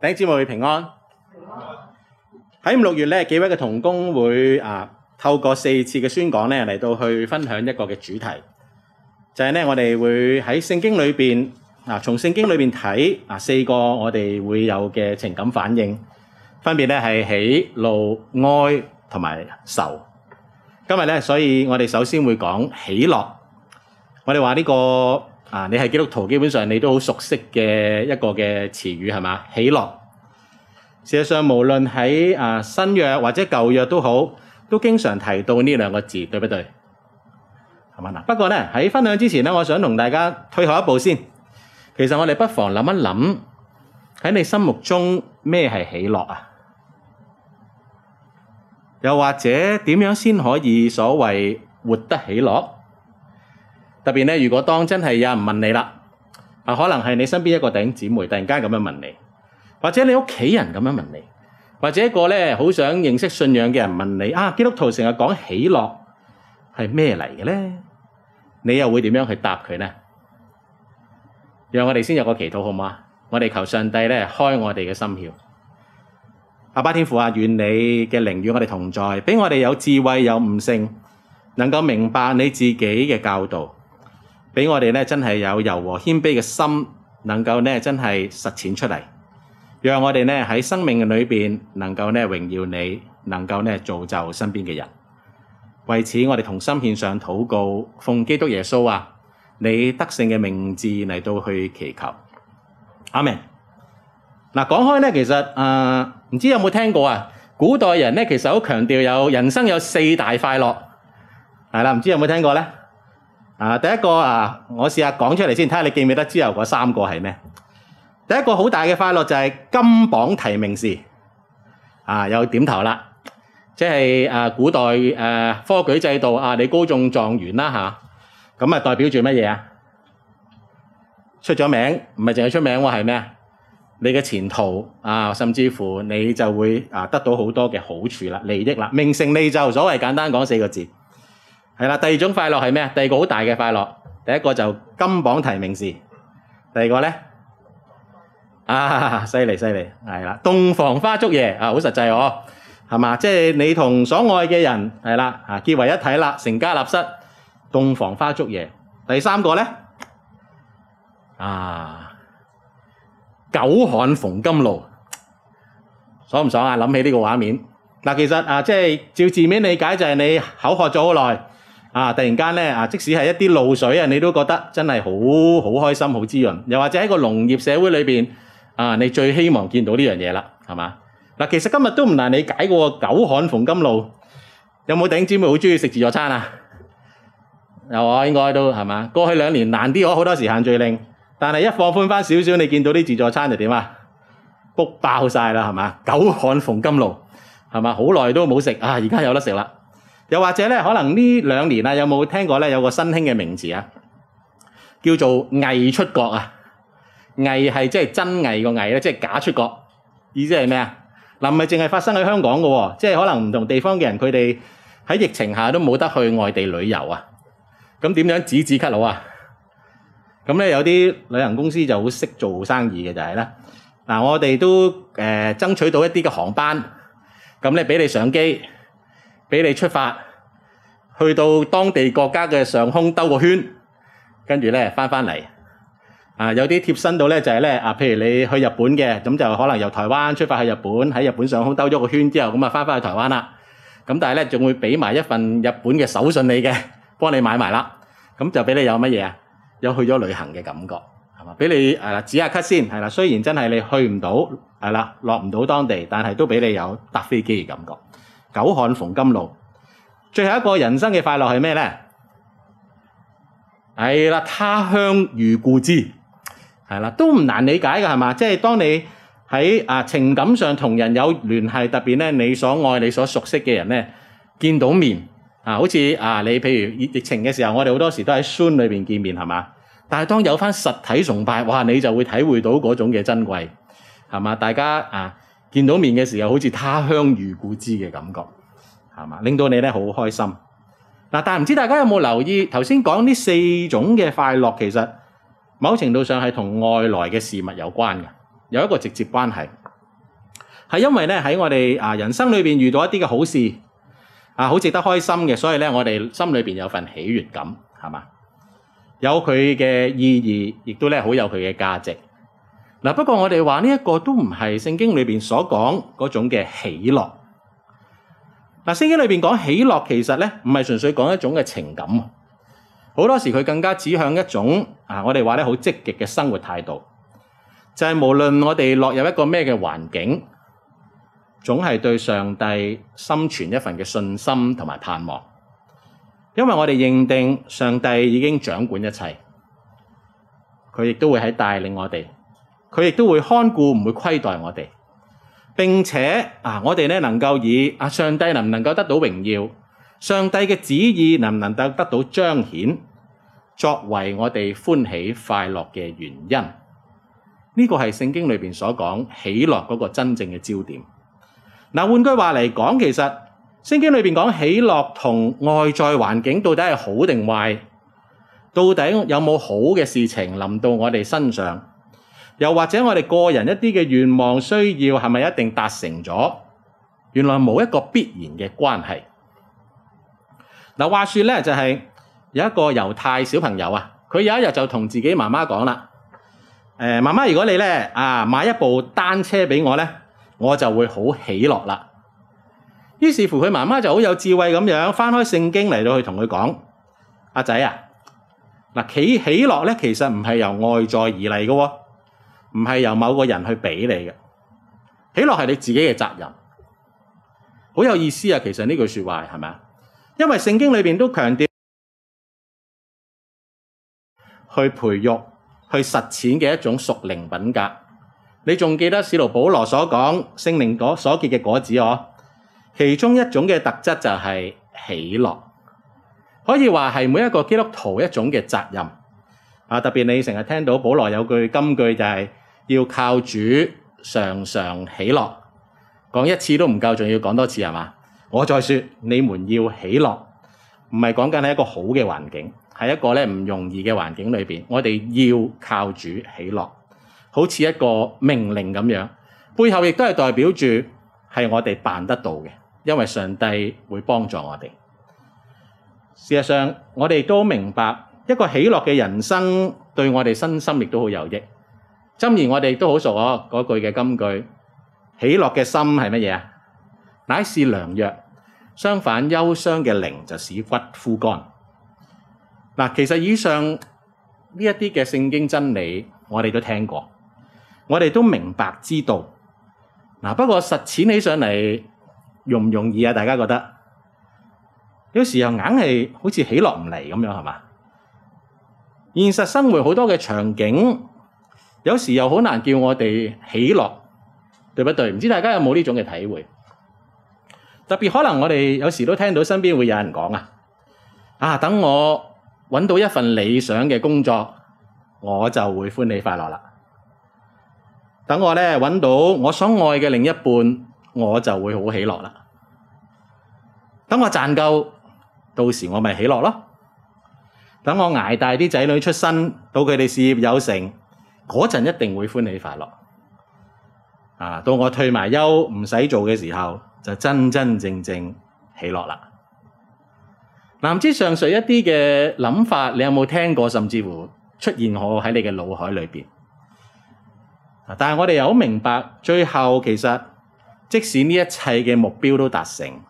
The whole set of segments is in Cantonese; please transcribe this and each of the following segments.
頂姊妹平安。喺五、六月咧，幾位嘅同工會啊，透過四次嘅宣講咧嚟，到去分享一個嘅主題，就係咧，我哋會喺聖經裏邊啊，從聖經裏邊睇啊四個我哋會有嘅情感反應，分別咧係喜、怒、哀同埋愁。今日咧，所以我哋首先會講喜樂。我哋話呢個。啊！你係基督徒，基本上你都好熟悉嘅一個嘅詞語係嘛？喜樂。事實上，無論喺啊新約或者舊約都好，都經常提到呢兩個字，對不對？係嘛嗱？不過咧喺分享之前咧，我想同大家退後一步先。其實我哋不妨諗一諗，喺你心目中咩係喜樂啊？又或者點樣先可以所謂活得喜樂？特別咧，如果當真係有人問你啦，啊，可能係你身邊一個弟兄姊妹突然間咁樣問你，或者你屋企人咁樣問你，或者一個咧好想認識信仰嘅人問你，啊，基督徒成日講喜樂係咩嚟嘅咧？你又會點樣去答佢咧？讓我哋先有個祈禱好嘛？我哋求上帝咧開我哋嘅心竅，阿爸天父啊，願你嘅靈與我哋同在，俾我哋有智慧、有悟性，能夠明白你自己嘅教導。俾我哋咧，真係有柔和謙卑嘅心，能夠咧真係實踐出嚟，讓我哋咧喺生命嘅裏邊，能夠咧榮耀你，能夠咧造就身邊嘅人。為此，我哋同心獻上禱告，奉基督耶穌啊，你得勝嘅名字嚟到去祈求，阿明。嗱，講開咧，其實誒，呃，唔知有冇聽過啊？古代人咧，其實好強調有人生有四大快樂，係啦，唔知有冇聽過咧？啊，第一個啊，我試下講出嚟先，睇下你記唔記得之後嗰三個係咩？第一個好大嘅快樂就係金榜題名時，啊有點頭啦，即係誒古代誒科舉制度啊，你高中狀元啦嚇，咁啊代表住乜嘢啊？出咗名，唔係淨係出名喎，係咩？你嘅前途啊，甚至乎你就會啊得到好多嘅好處啦、利益啦、名成利就。所謂簡單講四個字。係啦，第二種快樂係咩啊？第二個好大嘅快樂，第一個就金榜題名時，第二個呢啊，犀利犀利，係啦，洞房花燭夜啊，好實際哦，係嘛，即係你同所愛嘅人係啦啊，結為一體啦，成家立室，洞房花燭夜。第三個呢啊，久旱逢甘露，爽唔爽啊？諗起呢個畫面嗱，其實啊，即係照字面理解就係你口渴咗好耐。啊！突然間呢，啊，即使係一啲露水啊，你都覺得真係好好開心、好滋潤。又或者喺個農業社會裏邊，啊，你最希望見到呢樣嘢啦，係嘛？嗱，其實今日都唔難理解嘅喎，久旱逢甘露。有冇弟兄姊妹好鍾意食自助餐啊？有啊，應該都係嘛？過去兩年難啲，我好多時限聚令，但係一放寬翻少少，你見到啲自助餐就點啊？book 爆曬啦，係嘛？久旱逢甘露，係嘛？好耐都冇食啊，而家有得食啦。又或者咧，可能呢兩年啊，有冇聽過咧？有個新興嘅名詞啊，叫做偽出國啊。偽係即係真偽個偽咧，即係假出國。意思係咩啊？嗱，唔係淨係發生喺香港嘅喎，即係可能唔同地方嘅人，佢哋喺疫情下都冇得去外地旅遊啊。咁點樣止止咳佬啊？咁咧有啲旅行公司就好識做生意嘅就係咧。嗱，我哋都誒爭取到一啲嘅航班，咁咧俾你上機，俾你出發，去到當地國家嘅上空兜個圈，跟住咧翻翻嚟。啊，有啲貼身到咧就係咧啊，譬如你去日本嘅，咁就可能由台灣出發去日本，喺日本上空兜咗個圈之後，咁啊翻翻去台灣啦。咁但係咧仲會俾埋一份日本嘅手信你嘅，幫你買埋啦。咁就俾你有乜嘢啊？有去咗旅行嘅感覺係嘛？俾你誒指下咳先係啦。雖然真係你去唔到係啦，落唔到當地，但係都俾你有搭飛機嘅感覺。久旱逢甘露，最後一個人生嘅快樂係咩呢？係啦，他鄉遇故知，係啦，都唔難理解噶，係嘛？即係當你喺啊情感上同人有聯繫，特別咧你所愛、你所熟悉嘅人咧見到面啊，好似啊你譬如疫情嘅時候，我哋好多時都喺村裏邊見面，係嘛？但係當有翻實體崇拜，哇，你就會體會到嗰種嘅珍貴，係嘛？大家啊～見到面嘅時候，好似他鄉遇故知嘅感覺，係咪？令到你呢，好開心。但唔知大家有冇留意，頭先講呢四種嘅快樂，其實，某程度上係同外來嘅事物有關嘅。有一個直接關係。係因為呢，喺我哋人生裏面遇到一啲嘅好事，好值得開心嘅，所以呢，我哋心裏面有份喜悅感，係咪？有佢嘅意義，亦都呢，好有佢嘅價值。gér 不過我哋話呢一個都唔係聖經裏面所講嗰種嘅喜樂。嗱，聖經裏邊講喜樂其實咧唔係純粹講一種嘅情感，好多時佢更加指向一種我哋話咧好積極嘅生活態度，就係無論我哋落入一個咩嘅環境，總係對上帝心存一份嘅信心同埋盼望，因為我哋認定上帝已經掌管一切，佢亦都會喺帶領我哋。佢亦都會看顧，唔會虧待我哋。並且啊，我哋呢能夠以啊上帝能唔能夠得到榮耀，上帝嘅旨意能唔能夠得到彰顯，作為我哋歡喜快樂嘅原因。呢、這個係聖經裏面所講喜樂嗰個真正嘅焦點。嗱、啊，換句話嚟講，其實聖經裏面講喜樂同外在環境到底係好定壞？到底有冇好嘅事情臨到我哋身上？又或者我哋個人一啲嘅願望，需要係咪一定達成咗？原來冇一個必然嘅關係。嗱、啊，話説話說咧就係、是、有一個猶太小朋友啊，佢有一日就同自己媽媽講啦：誒、欸，媽媽，如果你咧啊買一部單車俾我咧，我就會好喜樂啦。於是乎佢媽媽就好有智慧咁樣翻開聖經嚟到去同佢講：阿仔啊，嗱、啊，喜喜樂咧其實唔係由外在而嚟嘅喎。唔係由某個人去俾你嘅，喜樂係你自己嘅責任，好有意思啊！其實呢句説話係咪？因為聖經裏面都強調去培育、去實踐嘅一種屬靈品格。你仲記得使徒保羅所講聖靈果所結嘅果子哦？其中一種嘅特質就係喜樂，可以話係每一個基督徒一種嘅責任啊！特別你成日聽到保羅有句金句就係、是。要靠主，常常喜樂，講一次都唔夠，仲要講多次，係嘛？我再說，你們要喜樂，唔係講緊係一個好嘅環境，係一個咧唔容易嘅環境裏面。我哋要靠主喜樂，好似一個命令咁樣，背後亦都係代表住係我哋辦得到嘅，因為上帝會幫助我哋。事實上，我哋都明白一個喜樂嘅人生，對我哋身心亦都好有益。箴言我哋都好熟啊。嗰句嘅金句，喜樂嘅心係乜嘢啊？乃是良藥，相反憂傷嘅靈就使骨枯乾。嗱，其實以上呢一啲嘅聖經真理，我哋都聽過，我哋都明白知道。嗱，不過實踐起上嚟容唔容易啊？大家覺得？有時候硬係好似喜樂唔嚟咁樣，係嘛？現實生活好多嘅場景。有時又好難叫我哋喜樂，對不對？唔知大家有冇呢種嘅體會？特別可能我哋有時都聽到身邊會有人講啊，啊，等我揾到一份理想嘅工作，我就會歡喜快樂啦。等我咧搵到我所愛嘅另一半，我就會好喜樂啦。等我賺夠，到時我咪喜樂咯。等我捱大啲仔女出身，到佢哋事業有成。嗰陣一定會歡喜快樂，啊！到我退埋休唔使做嘅時候，就真真正正喜樂啦。嗱、啊、唔知上述一啲嘅諗法，你有冇聽過？甚至乎出現我喺你嘅腦海裏邊、啊。但係我哋又好明白，最後其實即使呢一切嘅目標都達成，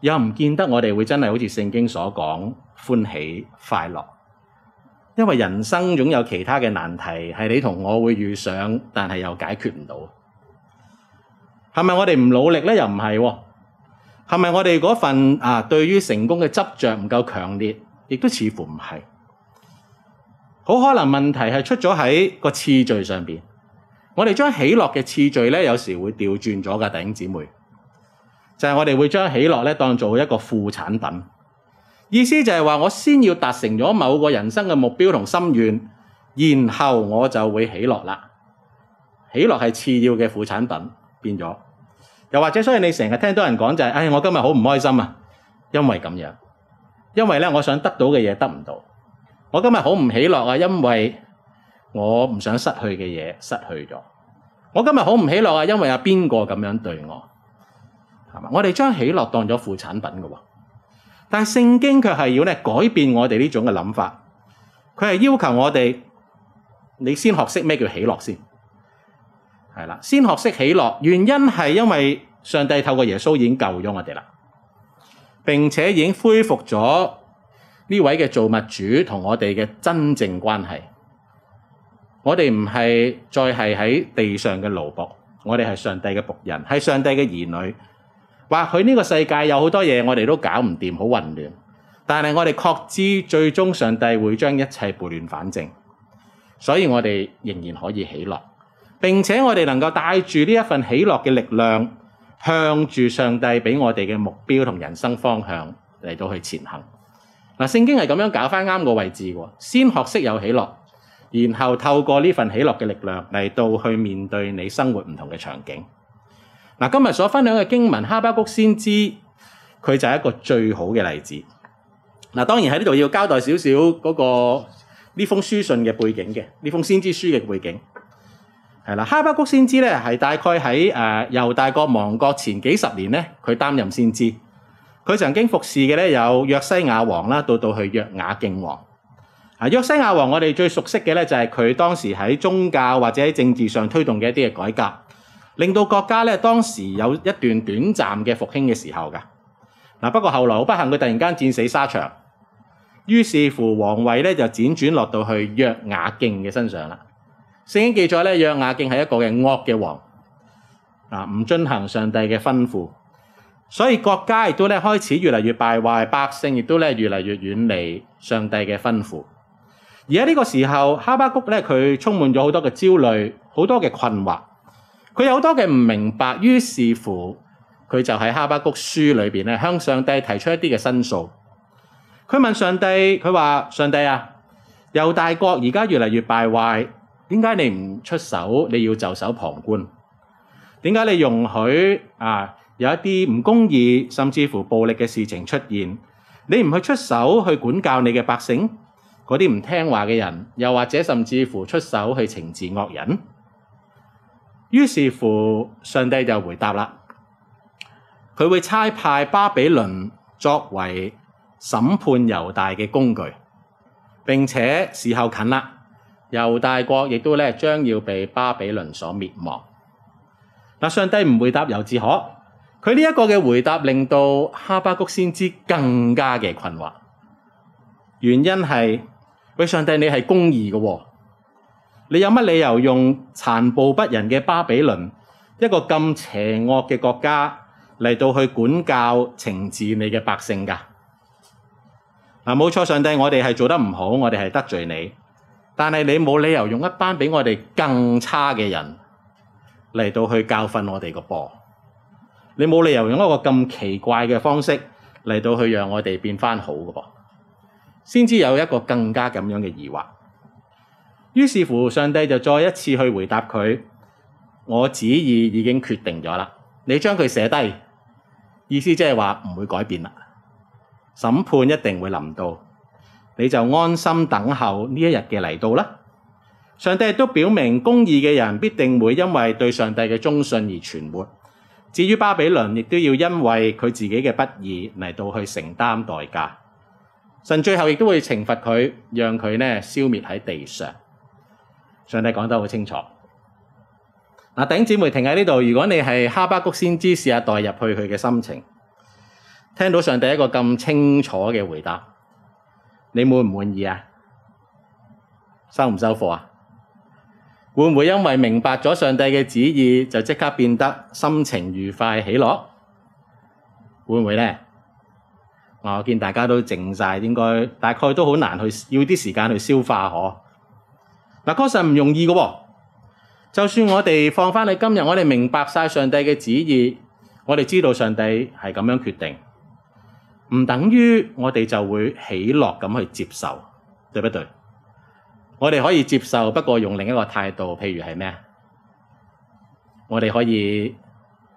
又唔見得我哋會真係好似聖經所講，歡喜快樂。因為人生總有其他嘅難題，係你同我會遇上，但係又解決唔到。係咪我哋唔努力咧？又唔係、啊，係咪我哋嗰份啊，對於成功嘅執着唔夠強烈？亦都似乎唔係，好可能問題係出咗喺個次序上面。我哋將喜樂嘅次序咧，有時會調轉咗嘅，弟兄姐妹，就係、是、我哋會將喜樂咧當做一個副產品。意思就係話，我先要達成咗某個人生嘅目標同心願，然後我就會喜樂啦。喜樂係次要嘅副產品，變咗。又或者，所以你成日聽多人講就係，唉，我今日好唔開心啊，因為咁樣，因為咧，我想得到嘅嘢得唔到。我今日好唔喜樂啊，因為我唔想失去嘅嘢失去咗。我今日好唔喜樂啊，因為有邊個咁樣對我係嘛？我哋將喜樂當咗副產品噶喎。但係聖經卻係要改變我哋呢種嘅諗法，佢係要求我哋，你先學識咩叫喜樂先，係啦，先學識喜樂。原因係因為上帝透過耶穌已經救咗我哋啦，並且已經恢復咗呢位嘅造物主同我哋嘅真正關係。我哋唔係再係喺地上嘅奴僕，我哋係上帝嘅僕人，係上帝嘅兒女。或許呢個世界有好多嘢，我哋都搞唔掂，好混亂。但係我哋確知最終上帝會將一切撥亂反正，所以我哋仍然可以喜樂，並且我哋能夠帶住呢一份喜樂嘅力量，向住上帝俾我哋嘅目標同人生方向嚟到去前行。嗱，聖經係咁樣搞翻啱個位置嘅，先學識有喜樂，然後透過呢份喜樂嘅力量嚟到去面對你生活唔同嘅場景。嗱，今日所分享嘅經文，哈巴谷先知，佢就係一個最好嘅例子。嗱，當然喺呢度要交代少少嗰個呢封書信嘅背景嘅，呢封先知書嘅背景係啦。哈巴谷先知咧，係大概喺誒猶大國亡國前幾十年咧，佢擔任先知。佢曾經服侍嘅咧有約西亞王啦，到到去約雅敬王。啊，約西亞王我哋最熟悉嘅咧就係、是、佢當時喺宗教或者喺政治上推動嘅一啲嘅改革。令到國家咧當時有一段短暫嘅復興嘅時候㗎。嗱，不過後來好不幸，佢突然間戰死沙場，於是乎王位咧就輾轉落到去約雅敬嘅身上啦。聖經記載咧，約雅敬係一個嘅惡嘅王，啊唔遵行上帝嘅吩咐，所以國家亦都咧開始越嚟越敗壞，百姓亦都咧越嚟越遠離上帝嘅吩咐。而喺呢個時候，哈巴谷咧佢充滿咗好多嘅焦慮，好多嘅困惑。佢有好多嘅唔明白，於是乎佢就喺哈巴谷書裏邊咧，向上帝提出一啲嘅申訴。佢問上帝，佢話上帝啊，猶大國而家越嚟越敗壞，點解你唔出手？你要袖手旁觀？點解你容許啊有一啲唔公義，甚至乎暴力嘅事情出現？你唔去出手去管教你嘅百姓，嗰啲唔聽話嘅人，又或者甚至乎出手去懲治惡人？於是乎，上帝就回答啦，佢會差派巴比倫作為審判猶大嘅工具，並且時候近啦，猶大國亦都咧將要被巴比倫所滅亡。但上帝唔回答猶自可，佢呢一個嘅回答令到哈巴谷先知更加嘅困惑。原因係喂，上帝你係公義嘅。你有乜理由用殘暴不仁嘅巴比倫，一個咁邪惡嘅國家嚟到去管教、懲治你嘅百姓㗎？啊，冇錯，上帝，我哋係做得唔好，我哋係得罪你。但係你冇理由用一班比我哋更差嘅人嚟到去教訓我哋個噃。你冇理由用一個咁奇怪嘅方式嚟到去讓我哋變翻好個噃。先知有一個更加咁樣嘅疑惑。於是乎，上帝就再一次去回答佢：我旨意已經決定咗啦，你將佢寫低，意思即係話唔會改變啦。審判一定會臨到，你就安心等候呢一日嘅嚟到啦。上帝都表明公義嘅人必定會因為對上帝嘅忠信而存活，至於巴比倫亦都要因為佢自己嘅不義嚟到去承擔代價。神最後亦都會懲罰佢，讓佢呢消滅喺地上。上帝講得好清楚。嗱，頂姊妹停喺呢度。如果你係哈巴谷先知，試下代入去佢嘅心情，聽到上帝一個咁清楚嘅回答，你滿唔滿意啊？收唔收貨啊？會唔會因為明白咗上帝嘅旨意，就即刻變得心情愉快、喜樂？會唔會咧？我見大家都靜晒，應該大概都好難去，要啲時間去消化呵。嗱，確實唔容易㗎喎、哦。就算我哋放返你今日，我哋明白晒上帝嘅旨意，我哋知道上帝係咁樣決定，唔等於我哋就會喜樂咁去接受，對不對？我哋可以接受，不過用另一個態度，譬如係咩？我哋可以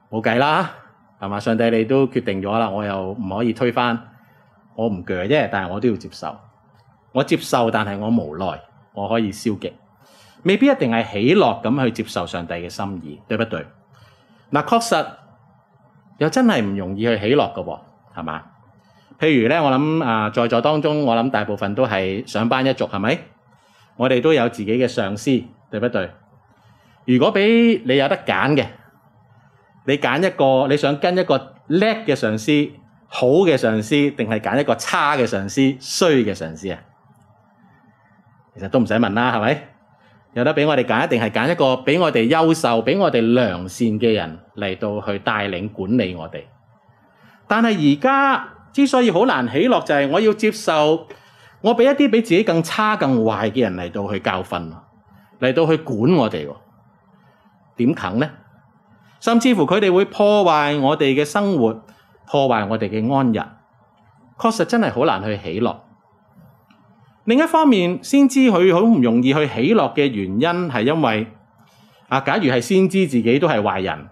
冇計啦，係嘛？上帝你都決定咗啦，我又唔可以推翻，我唔鋸啫，但係我都要接受，我接受，但係我無奈。我可以消極，未必一定係喜樂咁去接受上帝嘅心意，對不對？嗱，確實又真係唔容易去喜樂嘅喎，係嘛？譬如咧，我諗啊、呃，在座當中，我諗大部分都係上班一族，係咪？我哋都有自己嘅上司，對不對？如果俾你有得揀嘅，你揀一個你想跟一個叻嘅上司、好嘅上司，定係揀一個差嘅上司、衰嘅上司啊？其實都唔使問啦，係咪有得俾我哋揀？一定係揀一個俾我哋優秀、俾我哋良善嘅人嚟到去帶領管理我哋。但係而家之所以好難喜樂，就係、是、我要接受我俾一啲比自己更差、更壞嘅人嚟到去教訓，嚟到去管我哋。點肯呢？甚至乎佢哋會破壞我哋嘅生活，破壞我哋嘅安逸。確實真係好難去喜樂。另一方面，先知佢好唔容易去喜樂嘅原因，係因為啊，假如係先知自己都係壞人，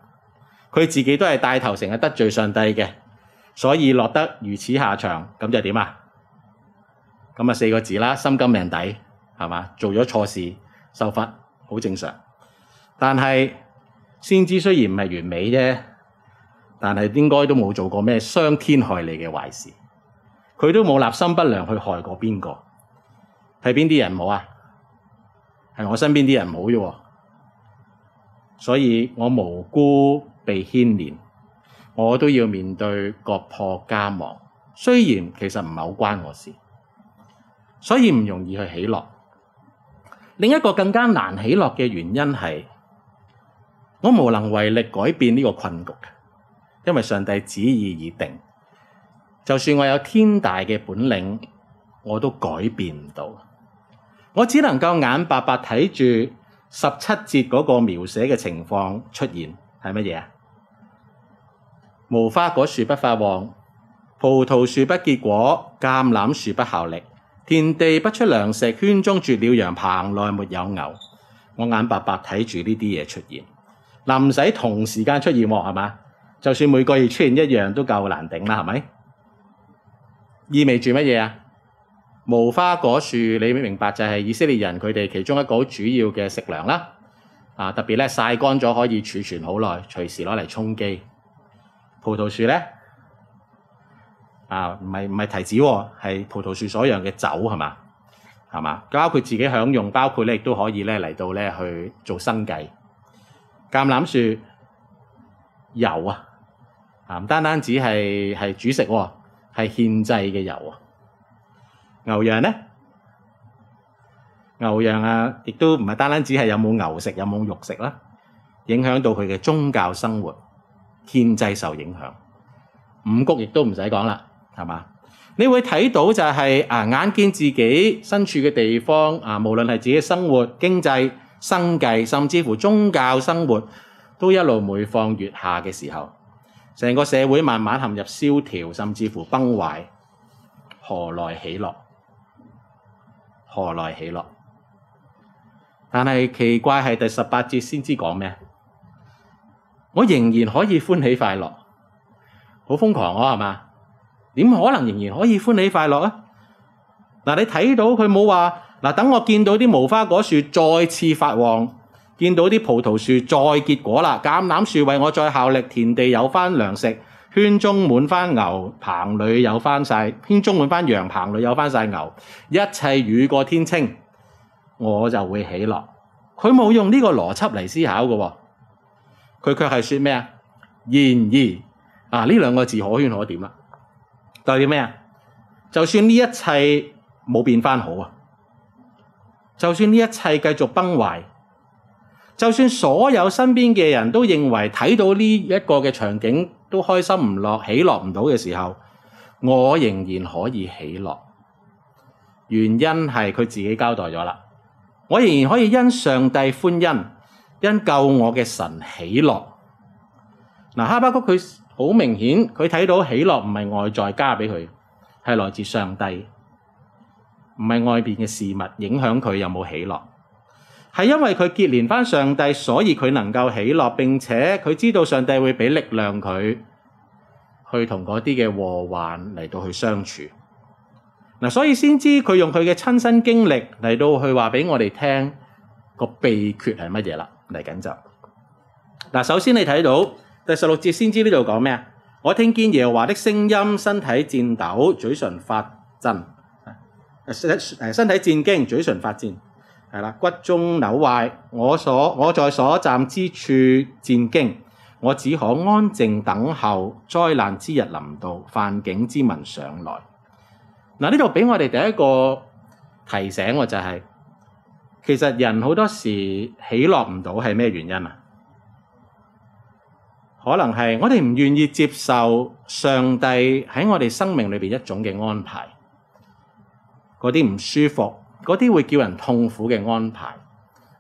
佢自己都係帶頭成日得罪上帝嘅，所以落得如此下場，咁就點啊？咁咪四個字啦，心甘命抵，係嘛？做咗錯事受罰，好正常。但係先知雖然唔係完美啫，但係應該都冇做過咩傷天害理嘅壞事，佢都冇立心不良去害過邊個。係邊啲人冇啊？係我身邊啲人冇啫，所以我無辜被牽連，我都要面對國破家亡。雖然其實唔係好關我事，所以唔容易去喜樂。另一個更加難喜樂嘅原因係，我無能為力改變呢個困局，因為上帝旨意已定。就算我有天大嘅本領，我都改變唔到。我只能夠眼白白睇住十七節嗰個描寫嘅情況出現，係乜嘢啊？無花果樹不發旺，葡萄樹不結果，橄欖樹不效力，田地不出糧食，圈中絕了羊，棚內沒有牛。我眼白白睇住呢啲嘢出現，嗱唔使同時間出現喎，係嘛？就算每個月出現一樣都夠難頂啦，係咪？意味住乜嘢啊？無花果樹，你明白就係以色列人佢哋其中一個主要嘅食糧啦。啊，特別咧曬乾咗可以儲存好耐，隨時攞嚟充飢。葡萄樹咧，啊唔係唔係提子喎、啊，係葡萄樹所釀嘅酒係嘛？係嘛？包括自己享用，包括咧亦都可以咧嚟到咧去做生計。橄欖樹油啊，啊唔單單只係係主食喎、啊，係獻祭嘅油啊。牛羊呢？牛羊啊，亦都唔係單單只係有冇牛食，有冇肉食啦，影響到佢嘅宗教生活、獻祭受影響。五穀亦都唔使講啦，係嘛？你會睇到就係、是、啊，眼見自己身處嘅地方啊，無論係自己生活、經濟、生計，甚至乎宗教生活，都一路每況愈下嘅時候，成個社會慢慢陷入蕭條，甚至乎崩壞，何來喜樂？何來喜樂？但係奇怪，係第十八節先知講咩？我仍然可以歡喜快樂，好瘋狂啊、哦，係嘛？點可能仍然可以歡喜快樂啊？嗱，你睇到佢冇話嗱，等我見到啲無花果樹再次發旺，見到啲葡萄樹再結果啦，橄欖樹為我再效力，田地有返糧食。圈中滿翻牛，棚裏有翻晒；圈中滿翻羊，棚裏有翻晒牛。一切雨過天青，我就會喜樂。佢冇用呢個邏輯嚟思考嘅、哦，佢卻係說咩啊？然而啊，呢兩個字可圈可點啦。代表咩啊？就算呢一切冇變翻好啊，就算呢一切繼續崩壞，就算所有身邊嘅人都認為睇到呢一個嘅場景。都開心唔落，喜樂唔到嘅時候，我仍然可以喜樂。原因係佢自己交代咗啦，我仍然可以因上帝歡欣，因救我嘅神喜樂。嗱，哈巴谷佢好明顯，佢睇到喜樂唔係外在加畀佢，係來自上帝，唔係外邊嘅事物影響佢有冇喜樂。係因為佢結連翻上帝，所以佢能夠喜樂，並且佢知道上帝會俾力量佢去同嗰啲嘅禍患嚟到去相處。啊、所以先知佢用佢嘅親身經歷嚟到去話俾我哋聽，這個秘訣係乜嘢啦？嚟緊就，啊、首先你睇到第十六節先知呢度講咩啊？我聽見耶和華的聲音，身體顫抖，嘴唇發震，身，呃、誒身體戰驚，嘴唇發震。係啦，骨中扭壞，我所我在所站之處戰兢，我只可安靜等候災難之日臨到，犯境之民上來。嗱、啊，呢度畀我哋第一個提醒就係、是，其實人好多時喜樂唔到係咩原因啊？可能係我哋唔願意接受上帝喺我哋生命裏邊一種嘅安排，嗰啲唔舒服。嗰啲會叫人痛苦嘅安排，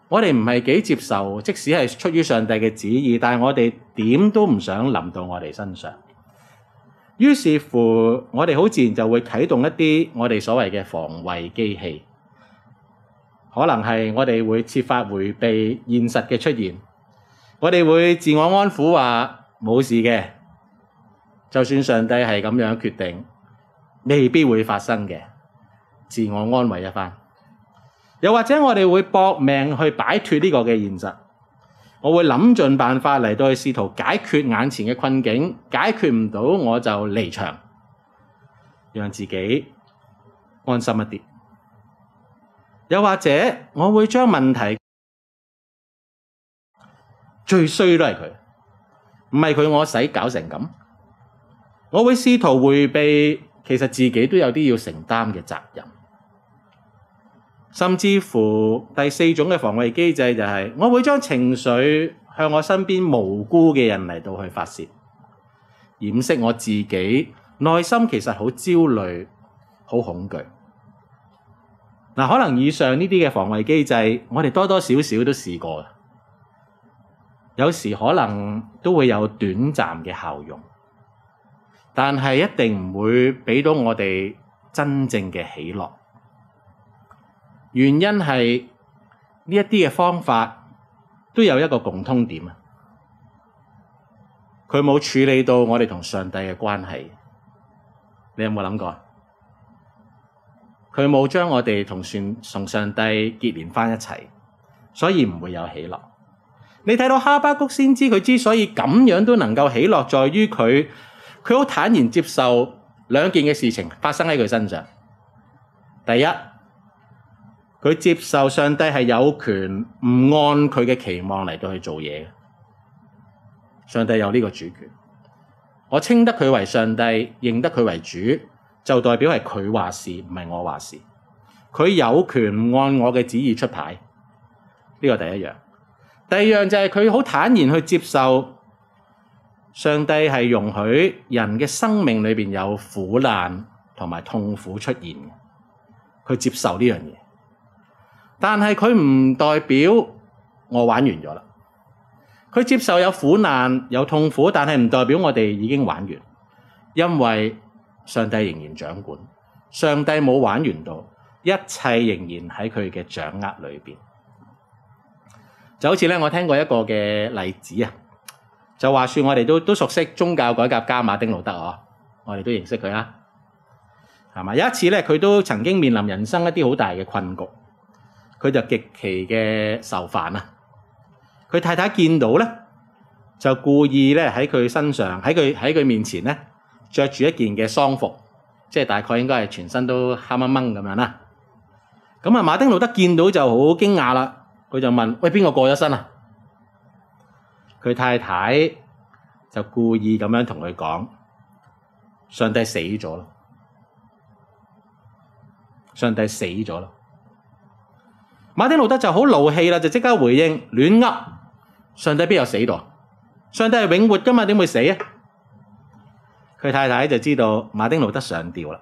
我哋唔係幾接受，即使係出於上帝嘅旨意，但係我哋點都唔想臨到我哋身上。於是乎，我哋好自然就會啟動一啲我哋所謂嘅防衛機器，可能係我哋會設法回避現實嘅出現，我哋會自我安撫話冇事嘅，就算上帝係咁樣決定，未必會發生嘅，自我安慰一番。又或者我哋會搏命去擺脫呢個嘅現實，我會諗盡辦法嚟到去試圖解決眼前嘅困境，解決唔到我就離場，讓自己安心一啲。又或者我會將問題最衰都係佢，唔係佢我使搞成咁，我會試圖回避，其實自己都有啲要承擔嘅責任。甚至乎第四種嘅防衛機制就係，我會將情緒向我身邊無辜嘅人嚟到去發泄，掩飾我自己內心其實好焦慮、好恐懼。嗱、啊，可能以上呢啲嘅防衛機制，我哋多多少少都試過，有時可能都會有短暫嘅效用，但係一定唔會俾到我哋真正嘅喜樂。原因係呢一啲嘅方法都有一個共通點啊！佢冇處理到我哋同上帝嘅關係，你有冇諗過？佢冇將我哋同上同上帝結連翻一齊，所以唔會有喜樂。你睇到哈巴谷先知，佢之所以咁樣都能夠喜樂，在於佢佢好坦然接受兩件嘅事情發生喺佢身上。第一。佢接受上帝係有權唔按佢嘅期望嚟到去做嘢，上帝有呢個主權。我稱得佢為上帝，認得佢為主，就代表係佢話事，唔係我話事。佢有權唔按我嘅旨意出牌，呢個第一樣。第二樣就係佢好坦然去接受上帝係容許人嘅生命裏邊有苦難同埋痛苦出現嘅，佢接受呢樣嘢。但係佢唔代表我玩完咗啦，佢接受有苦難有痛苦，但係唔代表我哋已經玩完，因為上帝仍然掌管，上帝冇玩完到，一切仍然喺佢嘅掌握裏邊。就好似咧，我聽過一個嘅例子啊，就話說我哋都都熟悉宗教改革家馬丁路德哦，我哋都認識佢啦，係嘛？有一次咧，佢都曾經面臨人生一啲好大嘅困局。佢就極其嘅受煩啊！佢太太見到咧，就故意咧喺佢身上，喺佢喺佢面前咧，着住一件嘅喪服，即係大概應該係全身都黑黒掹咁樣啦。咁啊，馬丁路德見到就好驚訝啦，佢就問：喂，邊個過咗身啊？佢太太就故意咁樣同佢講：上帝死咗啦！上帝死咗啦！馬丁路德就好勞氣啦，就即刻回應亂噏，上帝邊有死度？上帝係永活噶嘛？點會死啊？佢太太就知道馬丁路德上釣啦，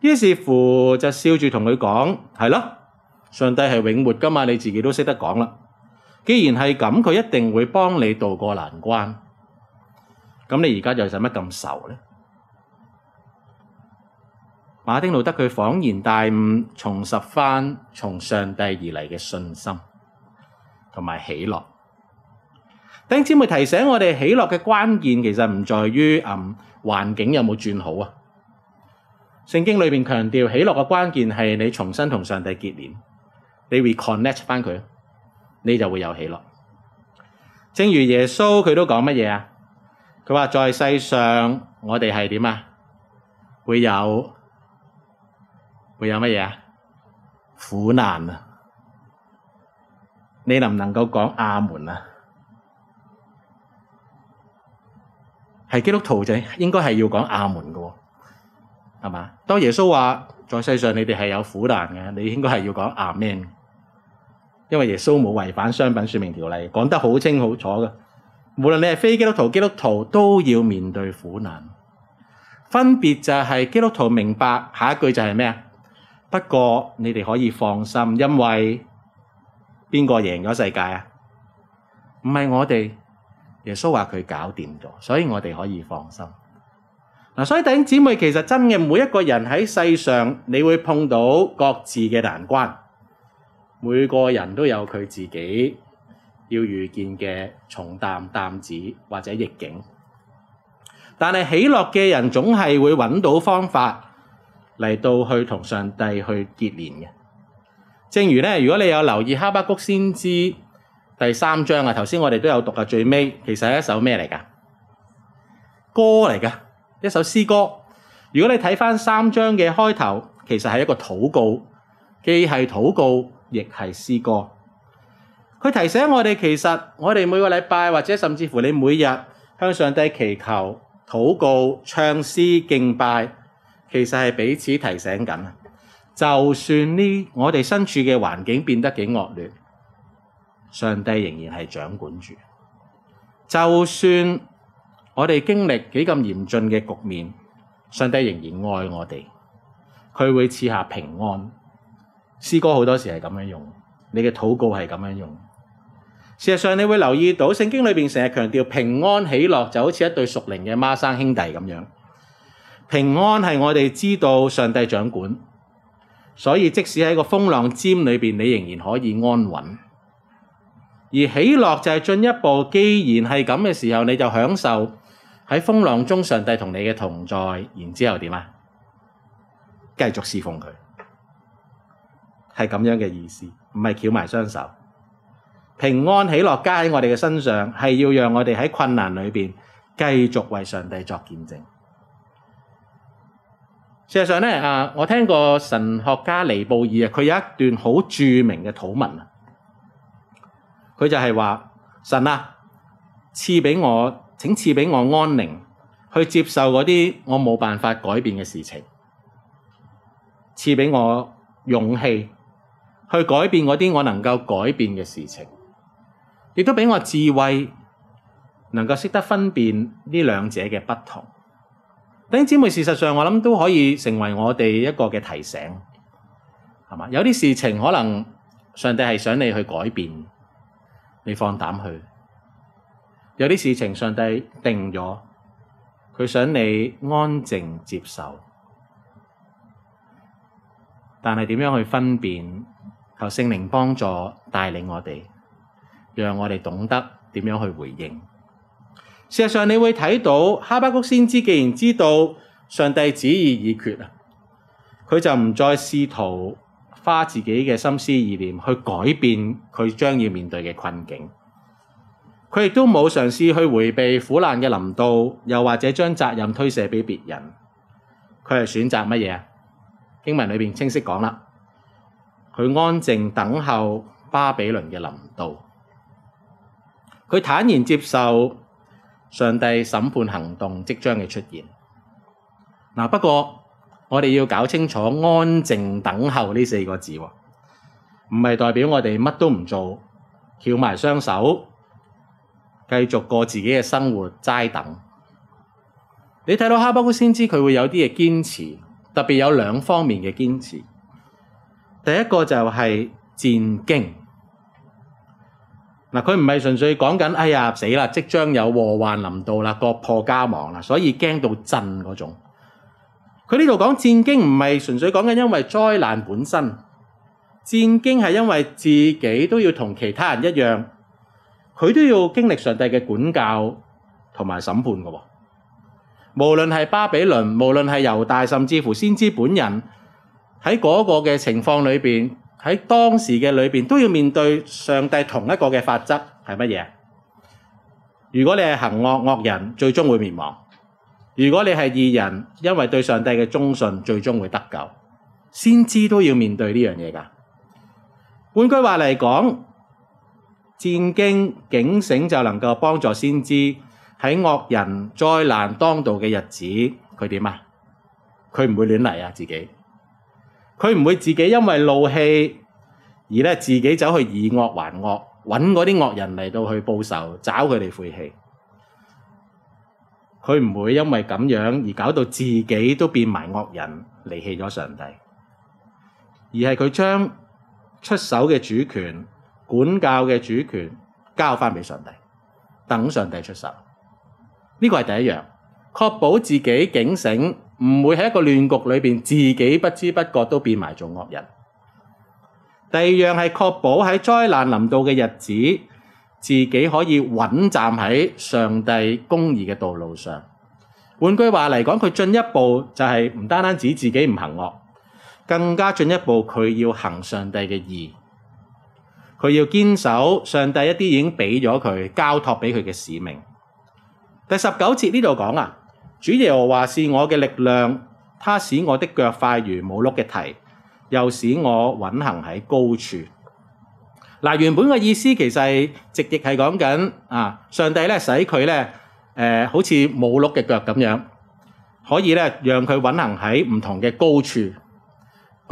於是乎就笑住同佢講：係咯，上帝係永活噶嘛？你自己都識得講啦。既然係咁，佢一定會幫你渡過難關。咁你而家又使乜咁愁咧？馬丁路德佢恍然大悟，重拾翻從上帝而嚟嘅信心同埋喜樂。丁姊妹提醒我哋，喜樂嘅關鍵其實唔在於嗯環境有冇轉好啊。聖經裏面強調喜樂嘅關鍵係你重新同上帝結連，你 reconnect 翻佢，你就會有喜樂。正如耶穌佢都講乜嘢啊？佢話在世上我哋係點啊？會有。會有乜嘢苦難啊？你能唔能夠講阿門啊？係基督徒就應該係要講阿門嘅，係嘛？當耶穌話在世上你哋係有苦難嘅，你應該係要講阿門，因為耶穌冇違反商品說明條例，講得好清好楚嘅。無論你係非基督徒、基督徒都要面對苦難，分別就係基督徒明白下一句就係咩啊？不過你哋可以放心，因為邊個贏咗世界啊？唔係我哋，耶穌話佢搞掂咗，所以我哋可以放心。嗱、啊，所以弟兄姊妹，其實真嘅，每一個人喺世上，你會碰到各自嘅難關，每個人都有佢自己要遇見嘅重擔、擔子或者逆境，但係喜樂嘅人總係會揾到方法。嚟到去同上帝去結連嘅，正如呢，如果你有留意《哈巴谷先知》第三章啊，頭先我哋都有讀啊，最尾其實係一首咩嚟㗎？歌嚟㗎，一首詩歌。如果你睇返三章嘅開頭，其實係一個禱告，既係禱告，亦係詩歌。佢提醒我哋，其實我哋每個禮拜或者甚至乎你每日向上帝祈求、禱告、唱詩、敬拜。其實係彼此提醒緊就算呢，我哋身處嘅環境變得幾惡劣，上帝仍然係掌管住；就算我哋經歷幾咁嚴峻嘅局面，上帝仍然愛我哋，佢會賜下平安。詩歌好多時係咁樣用，你嘅禱告係咁樣用。事實上，你會留意到聖經裏邊成日強調平安喜樂，就好似一對屬靈嘅孖生兄弟咁樣。平安係我哋知道上帝掌管，所以即使喺個風浪尖裏邊，你仍然可以安穩。而喜樂就係進一步，既然係咁嘅時候，你就享受喺風浪中上帝同你嘅同在，然之後點啊？繼續侍奉佢，係咁樣嘅意思，唔係翹埋雙手。平安、喜樂加喺我哋嘅身上，係要讓我哋喺困難裏邊繼續為上帝作見證。事實上咧，啊，我聽過神學家尼布爾，佢有一段好著名嘅禱文，佢就係話：神啊，賜畀我，請賜畀我安寧，去接受嗰啲我冇辦法改變嘅事情；賜畀我勇氣，去改變嗰啲我能夠改變嘅事情；亦都畀我智慧，能夠識得分辨呢兩者嘅不同。等姊妹，事實上我諗都可以成為我哋一個嘅提醒，係嘛？有啲事情可能上帝係想你去改變，你放膽去；有啲事情上帝定咗，佢想你安靜接受。但係點樣去分辨？求聖靈幫助帶領我哋，讓我哋懂得點樣去回應。事實上，你會睇到哈巴谷先知，既然知道上帝旨意已決，佢就唔再試圖花自己嘅心思意念去改變佢將要面對嘅困境。佢亦都冇嘗試去迴避苦難嘅臨道到，又或者將責任推卸畀別人。佢係選擇乜嘢？經文裏面清晰講啦，佢安靜等候巴比倫嘅臨到。佢坦然接受。上帝審判行動即將嘅出現。嗱、啊、不過我哋要搞清楚安靜等候呢四個字，啊、唔係代表我哋乜都唔做，翹埋雙手，繼續過自己嘅生活齋等。你睇到哈巴谷先知佢會有啲嘢堅持，特別有兩方面嘅堅持，第一個就係戰經。佢唔係純粹講緊，哎呀死啦，即將有禍患臨到啦，國破家亡啦，所以驚到震嗰種。佢呢度講戰兢唔係純粹講緊，因為災難本身戰兢係因為自己都要同其他人一樣，佢都要經歷上帝嘅管教同埋審判嘅喎、哦。無論係巴比倫，無論係猶大，甚至乎先知本人喺嗰個嘅情況裏邊。喺當時嘅裏邊都要面對上帝同一個嘅法則係乜嘢？如果你係行惡惡人，最終會滅亡；如果你係義人，因為對上帝嘅忠信，最終會得救。先知都要面對呢樣嘢㗎。換句話嚟講，戰兢警醒就能夠幫助先知喺惡人災難當道嘅日子，佢點啊？佢唔會亂嚟啊！自己。佢唔會自己因為怒氣而咧自己走去以惡還惡，揾嗰啲惡人嚟到去報仇，找佢哋晦氣。佢唔會因為咁樣而搞到自己都變埋惡人，離棄咗上帝。而係佢將出手嘅主權、管教嘅主權交翻俾上帝，等上帝出手。呢個係第一樣，確保自己警醒。唔會喺一個亂局裏邊，自己不知不覺都變埋做惡人。第二樣係確保喺災難臨到嘅日子，自己可以穩站喺上帝公義嘅道路上。換句話嚟講，佢進一步就係唔單止自己唔行惡，更加進一步佢要行上帝嘅義，佢要堅守上帝一啲已經俾咗佢交託俾佢嘅使命。第十九節呢度講啊。主耶和華是我嘅力量，他使我的腳快如母鹿嘅蹄，又使我穩行喺高處。啊，原本嘅意思其實係直譯係講緊上帝使佢咧、誒，好似母鹿嘅腳咁樣，可以咧讓佢穩行喺唔同嘅高處。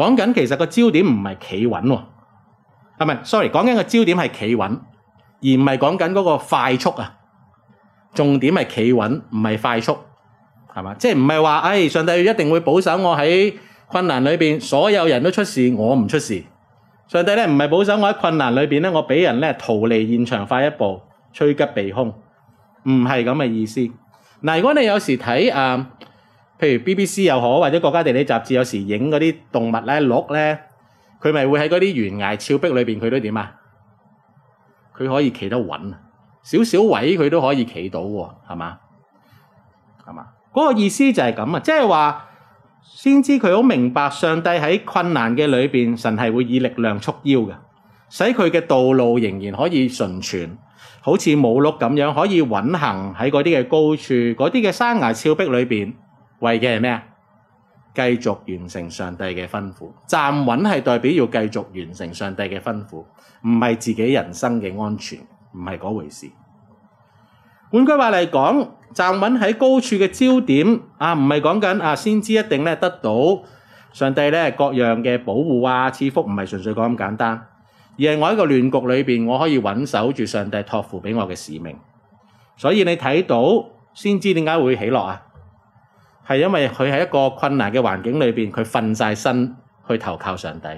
講緊其實個焦點唔係企穩，唔係 sorry，講緊嘅焦點係企穩，而唔係講緊嗰個快速啊。重點係企穩，唔係快速。係嘛？即係唔係話，誒、哎，上帝一定會保守我喺困難裏邊，所有人都出事，我唔出事。上帝咧唔係保守我喺困難裏邊咧，我俾人咧逃離現場快一步，趨吉避凶，唔係咁嘅意思。嗱、呃，如果你有時睇誒、呃，譬如 BBC 又好，或者國家地理雜誌，有時影嗰啲動物咧，鹿咧，佢咪會喺嗰啲懸崖峭壁裏邊，佢都點啊？佢可以企得穩，少少位，佢都可以企到喎、哦，係嘛？係嘛？嗰個意思就係咁啊，即係話先知佢好明白上帝喺困難嘅裏邊，神係會以力量束腰嘅，使佢嘅道路仍然可以順存，好似母鹿咁樣可以穩行喺嗰啲嘅高處、嗰啲嘅山崖峭壁裏邊，為嘅係咩啊？繼續完成上帝嘅吩咐，站穩係代表要繼續完成上帝嘅吩咐，唔係自己人生嘅安全，唔係嗰回事。換句話嚟講。站穩喺高處嘅焦點啊，唔係講緊先知一定能得到上帝各樣嘅保護啊，賜福唔係純粹講咁簡單，而係我喺個亂局裏面，我可以穩守住上帝託付俾我嘅使命。所以你睇到先知點解會起落啊？係因為佢喺一個困難嘅環境裏面，佢瞓曬身去投靠上帝，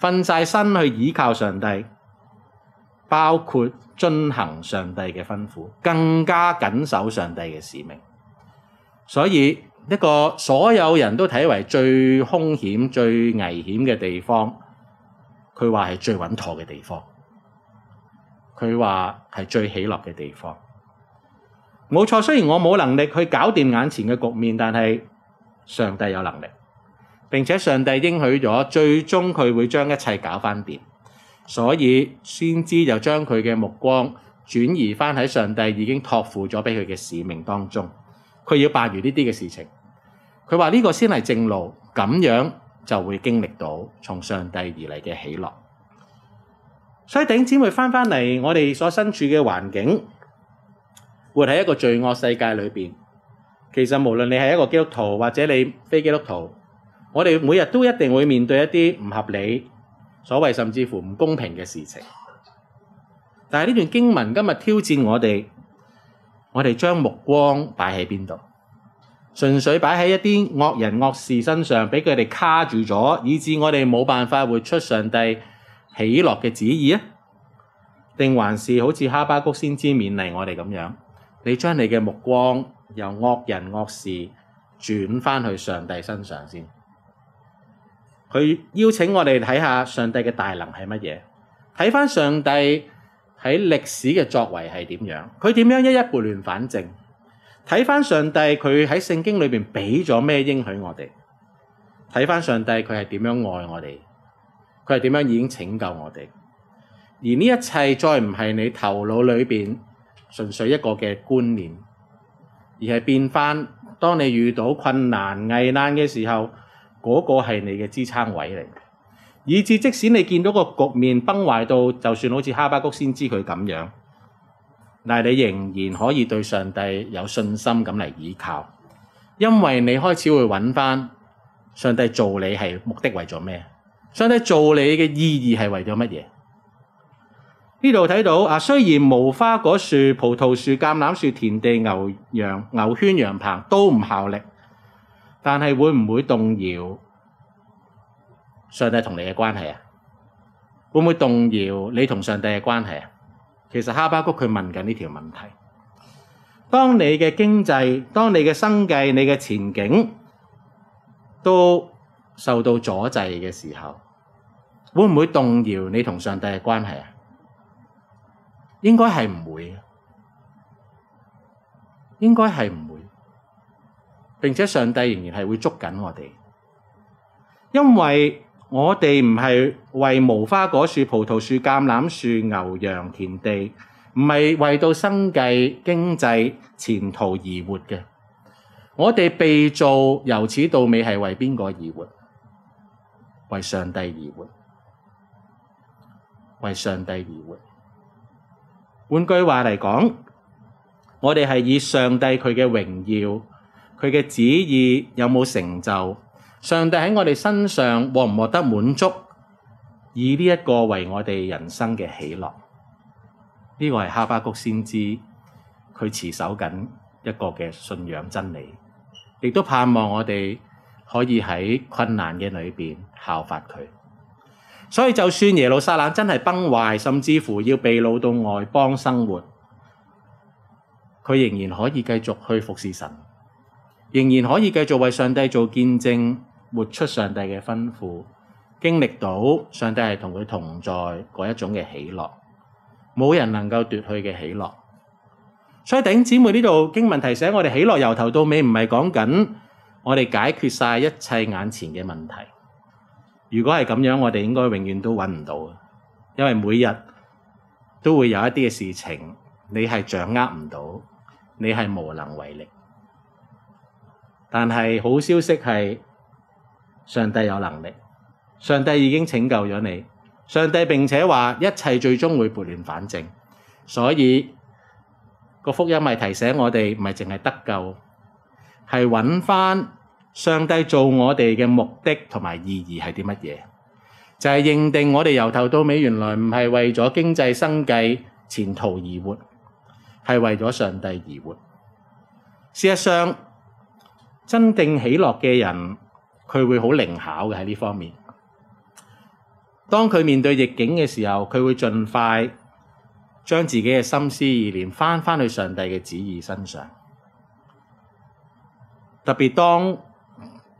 瞓曬身去倚靠上帝。包括遵行上帝嘅吩咐，更加緊守上帝嘅使命。所以一個所有人都睇為最兇險、最危險嘅地方，佢話係最穩妥嘅地方。佢話係最喜樂嘅地方。冇錯，雖然我冇能力去搞掂眼前嘅局面，但係上帝有能力。並且上帝應許咗，最終佢會將一切搞翻掂。所以先知就將佢嘅目光轉移返喺上帝已經托付咗畀佢嘅使命當中，佢要辦完呢啲嘅事情。佢話呢個先係正路，咁樣就會經歷到從上帝而嚟嘅喜樂。 所以頂姊妹返返嚟，回回我哋所身處嘅環境，活喺一個罪惡世界裏邊，其實無論你係一個基督徒或者你非基督徒，我哋每日都一定會面對一啲唔合理。所謂甚至乎唔公平嘅事情，但係呢段經文今日挑戰我哋，我哋將目光擺喺邊度？純粹擺喺一啲惡人惡事身上，俾佢哋卡住咗，以致我哋冇辦法活出上帝喜樂嘅旨意啊？定還是好似哈巴谷先知勉勵我哋咁樣，你將你嘅目光由惡人惡事轉返去上帝身上先？佢邀請我哋睇下上帝嘅大能係乜嘢，睇翻上帝喺歷史嘅作為係點樣，佢點樣一一撥亂反正，睇翻上帝佢喺聖經裏邊畀咗咩應許我哋，睇翻上帝佢係點樣愛我哋，佢係點樣已經拯救我哋，而呢一切再唔係你頭腦裏邊純粹一個嘅觀念，而係變翻當你遇到困難危難嘅時候。嗰個係你嘅支撐位嚟嘅，以至即使你見到個局面崩壞到，就算好似哈巴谷先知佢咁樣，但係你仍然可以對上帝有信心咁嚟依靠，因為你開始會揾翻上帝做你係目的為咗咩？上帝做你嘅意義係為咗乜嘢？呢度睇到啊，雖然無花果樹、葡萄樹、橄欖樹、田地、牛羊、牛圈、羊棚都唔效力。但係會唔會動搖上帝同你嘅關係啊？會唔會動搖你同上帝嘅關係啊？其實哈巴谷佢問緊呢條問題。當你嘅經濟、當你嘅生計、你嘅前景都受到阻滯嘅時候，會唔會動搖你同上帝嘅關係啊？應該係唔會，應該係唔。並且上帝仍然係會捉緊我哋，因為我哋唔係為無花果樹、葡萄樹、橄欖樹、牛羊田地，唔係為到生計、經濟、前途而活嘅。我哋被造由此到尾係為邊個而，而活？為上帝而活，為上帝而活。換句話嚟講，我哋係以上帝佢嘅榮耀。佢嘅旨意有冇成就？上帝喺我哋身上獲唔獲得滿足？以呢一個為我哋人生嘅喜樂，呢個係哈巴谷先知佢持守緊一個嘅信仰真理，亦都盼望我哋可以喺困難嘅裏邊效法佢。所以就算耶路撒冷真係崩壞，甚至乎要被擄到外邦生活，佢仍然可以繼續去服侍神。仍然可以繼續為上帝做見證，活出上帝嘅吩咐，經歷到上帝係同佢同在嗰一種嘅喜樂，冇人能夠奪去嘅喜樂。所以頂姊妹呢度經文提醒我哋：喜樂由頭到尾唔係講緊我哋解決晒一切眼前嘅問題。如果係咁樣，我哋應該永遠都揾唔到，因為每日都會有一啲嘅事情你，你係掌握唔到，你係無能為力。但係好消息係，上帝有能力，上帝已經拯救咗你，上帝並且話一切最終會撥亂反正，所以個福音咪提醒我哋唔淨係得救，係揾翻上帝做我哋嘅目的同埋意義係啲乜嘢？就係、是、認定我哋由頭到尾原來唔係為咗經濟生計前途而活，係為咗上帝而活。事實上。真正喜樂嘅人，佢會好靈巧嘅喺呢方面。當佢面對逆境嘅時候，佢會盡快將自己嘅心思意念返返去上帝嘅旨意身上。特別當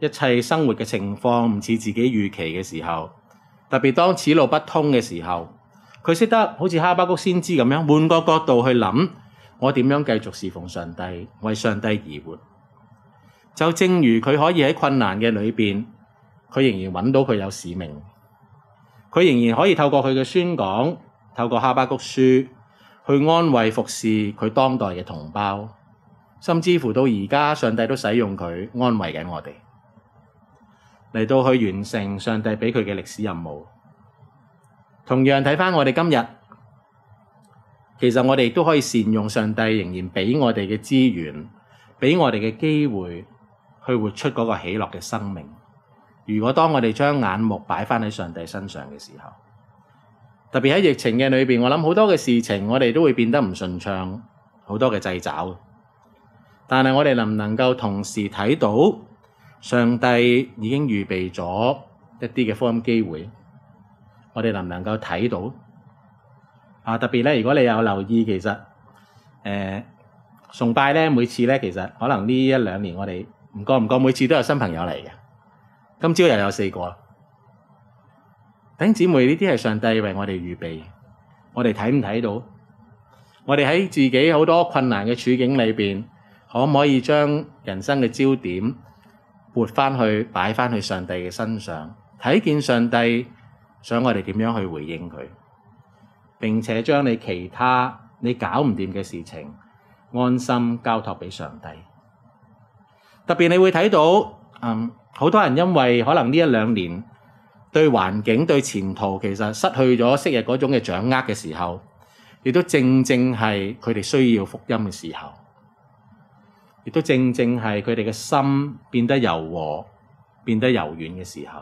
一切生活嘅情況唔似自己預期嘅時候，特別當此路不通嘅時候，佢識得好似哈巴谷先知咁樣，換個角度去諗，我點樣繼續侍奉上帝，為上帝而活。就正如佢可以喺困難嘅裏邊，佢仍然揾到佢有使命，佢仍然可以透過佢嘅宣講，透過哈巴谷書去安慰服侍佢當代嘅同胞，甚至乎到而家上帝都使用佢安慰緊我哋，嚟到去完成上帝畀佢嘅歷史任務。同樣睇翻我哋今日，其實我哋都可以善用上帝仍然畀我哋嘅資源，畀我哋嘅機會。去活出嗰個喜樂嘅生命。如果當我哋將眼目擺翻喺上帝身上嘅時候，特別喺疫情嘅裏邊，我諗好多嘅事情，我哋都會變得唔順暢，好多嘅掣肘。但係我哋能唔能夠同時睇到上帝已經預備咗一啲嘅福音機會？我哋能唔能夠睇到？啊，特別咧，如果你有留意，其實誒、呃、崇拜咧，每次咧，其實可能呢一兩年我哋。唔過唔過，每次都有新朋友嚟嘅。今朝又有四個等姊妹，呢啲係上帝為我哋預備，我哋睇唔睇到？我哋喺自己好多困難嘅處境裏邊，可唔可以將人生嘅焦點撥翻去擺翻去，去上帝嘅身上，睇見上帝想我哋點樣去回應佢，並且將你其他你搞唔掂嘅事情安心交託俾上帝。特別你會睇到，嗯，好多人因為可能呢一兩年對環境、對前途其實失去咗昔日嗰種嘅掌握嘅時候，亦都正正係佢哋需要福音嘅時候，亦都正正係佢哋嘅心變得柔和、變得柔軟嘅時候，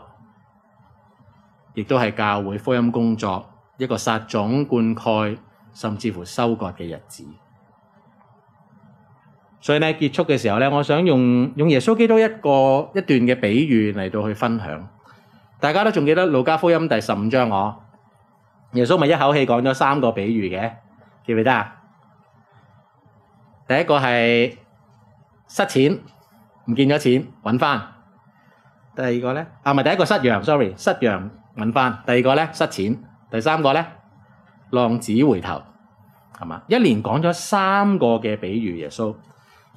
亦都係教會福音工作一個撒種、灌溉，甚至乎收割嘅日子。所以呢結束嘅時候呢，我想用用耶穌基督一個一段嘅比喻嚟到去分享。大家都仲記得《路加福音》第十五章，我耶穌咪一口氣講咗三個比喻嘅，記唔記得啊？第一個係失錢唔見咗錢搵返，第二個呢啊咪第一個失羊，sorry 失羊搵返，第二個呢失錢，第三個呢浪子回頭，係嘛？一連講咗三個嘅比喻，耶穌。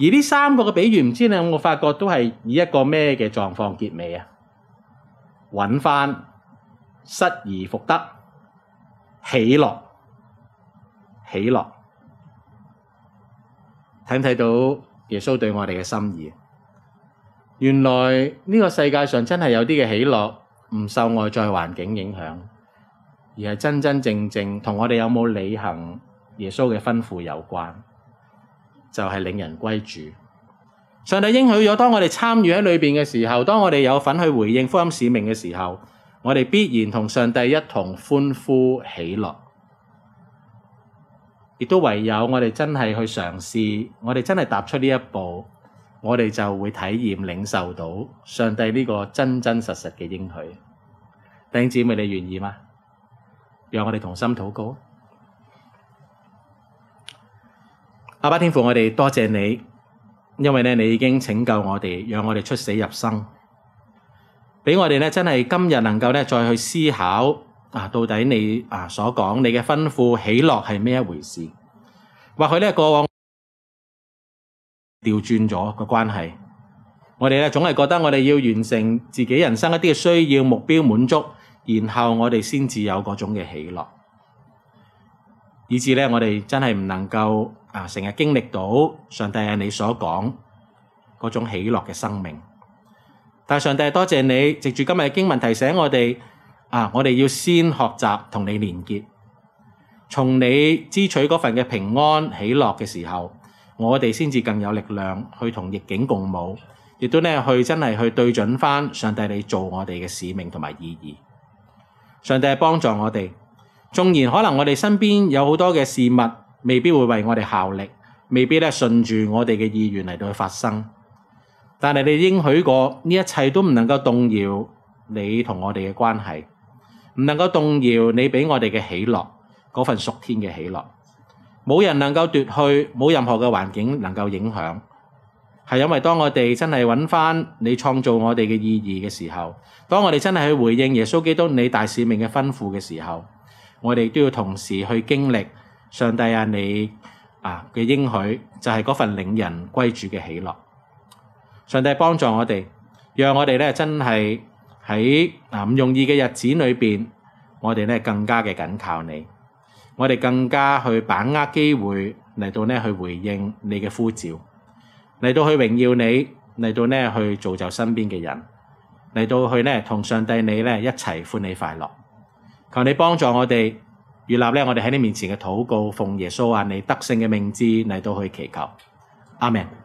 而呢三個嘅比喻，唔知你有冇發覺都係以一個咩嘅狀況結尾啊？揾翻失而復得，喜樂，喜樂，睇唔睇到耶穌對我哋嘅心意？原來呢個世界上真係有啲嘅喜樂唔受外在環境影響，而係真真正正同我哋有冇履行耶穌嘅吩咐有關。就係令人歸主，上帝應許咗，當我哋參與喺裏邊嘅時候，當我哋有份去回應福音使命嘅時候，我哋必然同上帝一同歡呼喜樂，亦都唯有我哋真係去嘗試，我哋真係踏出呢一步，我哋就會體驗領受到上帝呢個真真實實嘅應許。弟兄姊妹，你願意嗎？讓我哋同心禱告。阿爸天父，我哋多謝你，因為咧你已經拯救我哋，讓我哋出死入生，俾我哋真係今日能夠再去思考啊，到底你啊所講你嘅吩咐喜樂係咩一回事？或許呢，過往調轉咗個關係，我哋咧總係覺得我哋要完成自己人生一啲嘅需要目標滿足，然後我哋先至有嗰種嘅喜樂。以致咧，我哋真係唔能夠啊，成日經歷到上帝啊你所講嗰種喜樂嘅生命。但係上帝多謝你，藉住今日經文提醒我哋啊，我哋要先學習同你連結，從你支取嗰份嘅平安喜樂嘅時候，我哋先至更有力量去同逆境共舞，亦都咧去真係去對準翻上帝你做我哋嘅使命同埋意義。上帝係幫助我哋。縱然可能我哋身邊有好多嘅事物，未必會為我哋效力，未必咧順住我哋嘅意願嚟到去發生。但係你應許過呢一切都唔能夠動搖你同我哋嘅關係，唔能夠動搖你畀我哋嘅喜樂，嗰份屬天嘅喜樂。冇人能夠奪去，冇任何嘅環境能夠影響，係因為當我哋真係揾翻你創造我哋嘅意義嘅時候，當我哋真係去回應耶穌基督你大使命嘅吩咐嘅時候。我哋都要同時去經歷上帝啊你啊嘅應許，就係嗰份令人歸主嘅喜樂。上帝幫助我哋，讓我哋咧真係喺嗱唔容易嘅日子裏邊，我哋咧更加嘅緊靠你，我哋更加去把握機會嚟到咧去回應你嘅呼召，嚟到去榮耀你，嚟到咧去造就身邊嘅人，嚟到去咧同上帝你咧一齊歡喜快樂。求你幫助我哋，悅納，我哋喺你面前嘅禱告，奉耶穌啊你，你得勝嘅名字嚟到去祈求，阿們。